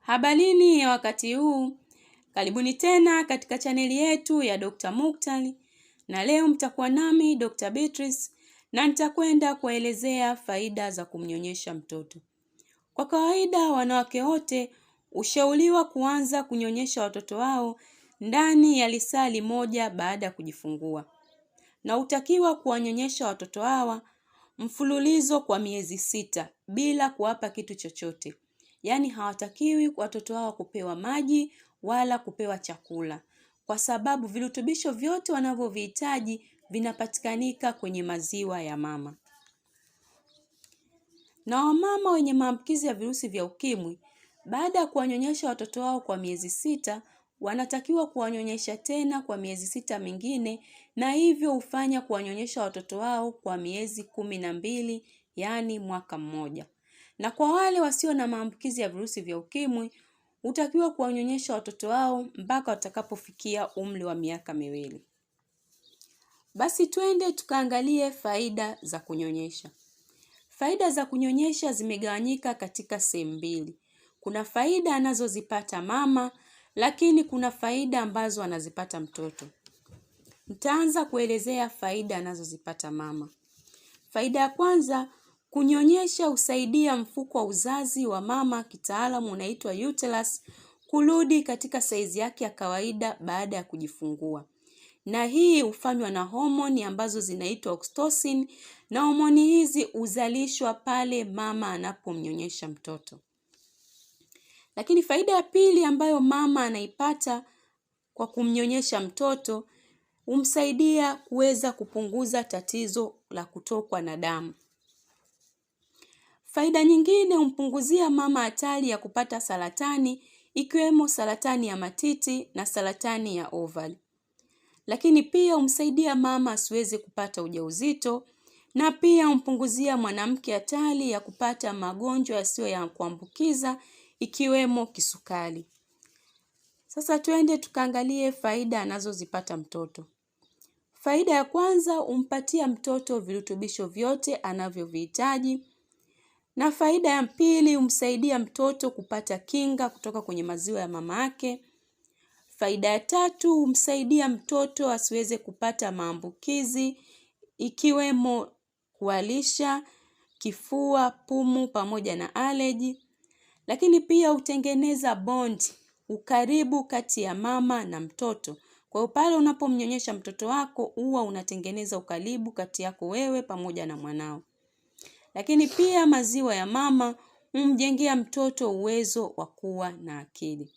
Habarini ya wakati huu, karibuni tena katika chaneli yetu ya Dr. muktal na leo mtakuwa nami Dr. Beatrice na nitakwenda kuwaelezea faida za kumnyonyesha mtoto. Kwa kawaida, wanawake wote hushauriwa kuanza kunyonyesha watoto wao ndani ya lisali moja baada ya kujifungua, na hutakiwa kuwanyonyesha watoto hawa mfululizo kwa miezi sita bila kuwapa kitu chochote yaani hawatakiwi watoto wao kupewa maji wala kupewa chakula kwa sababu virutubisho vyote wanavyovihitaji vinapatikanika kwenye maziwa ya mama na wamama wenye maambukizi ya virusi vya ukimwi baada ya kuwanyonyesha watoto wao kwa miezi sita wanatakiwa kuwanyonyesha tena kwa miezi sita mingine na hivyo hufanya kuwanyonyesha watoto wao kwa miezi kumi na mbili yaani mwaka mmoja na kwa wale wasio na maambukizi ya virusi vya ukimwi hutakiwa kuwanyonyesha watoto wao mpaka watakapofikia umri wa miaka miwili. Basi twende tukaangalie faida za kunyonyesha. Faida za kunyonyesha zimegawanyika katika sehemu mbili. Kuna faida anazozipata mama, lakini kuna faida ambazo anazipata mtoto. Nitaanza kuelezea faida anazozipata mama. Faida ya kwanza, Kunyonyesha husaidia mfuko wa uzazi wa mama, kitaalamu unaitwa uterus, kurudi katika saizi yake ya kawaida baada ya kujifungua, na hii hufanywa na homoni ambazo zinaitwa oxytocin, na homoni hizi huzalishwa pale mama anapomnyonyesha mtoto. Lakini faida ya pili ambayo mama anaipata kwa kumnyonyesha mtoto humsaidia kuweza kupunguza tatizo la kutokwa na damu. Faida nyingine humpunguzia mama hatari ya kupata saratani ikiwemo saratani ya matiti na saratani ya ovari. Lakini pia humsaidia mama asiweze kupata ujauzito na pia humpunguzia mwanamke hatari ya kupata magonjwa yasiyo ya kuambukiza ikiwemo kisukari. Sasa twende tukaangalie faida anazozipata mtoto. Faida ya kwanza, humpatia mtoto virutubisho vyote anavyovihitaji na faida ya pili, humsaidia mtoto kupata kinga kutoka kwenye maziwa ya mama yake. Faida ya tatu, humsaidia mtoto asiweze kupata maambukizi ikiwemo kualisha kifua, pumu pamoja na aleji. Lakini pia hutengeneza bondi, ukaribu kati ya mama na mtoto. Kwa hiyo pale unapomnyonyesha mtoto wako huwa unatengeneza ukaribu kati yako wewe pamoja na mwanao. Lakini pia maziwa ya mama humjengea mtoto uwezo wa kuwa na akili.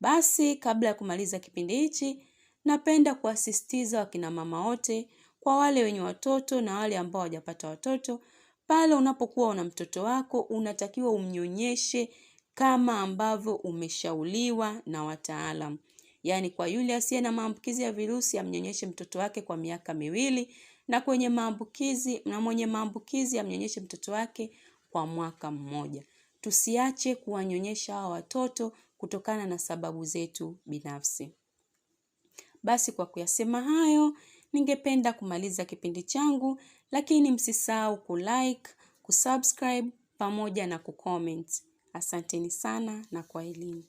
Basi kabla ya kumaliza kipindi hichi, napenda kuwasisitiza wakina mama wote, kwa wale wenye watoto na wale ambao hawajapata watoto, pale unapokuwa una mtoto wako unatakiwa umnyonyeshe kama ambavyo umeshauliwa na wataalam. Yaani, kwa yule asiye na maambukizi ya virusi amnyonyeshe mtoto wake kwa miaka miwili, na kwenye maambukizi na mwenye maambukizi amnyonyeshe mtoto wake kwa mwaka mmoja. Tusiache kuwanyonyesha hawa watoto kutokana na sababu zetu binafsi. Basi kwa kuyasema hayo, ningependa kumaliza kipindi changu, lakini msisahau kulike, kusubscribe pamoja na kucomment. Asanteni sana na kwa elimu.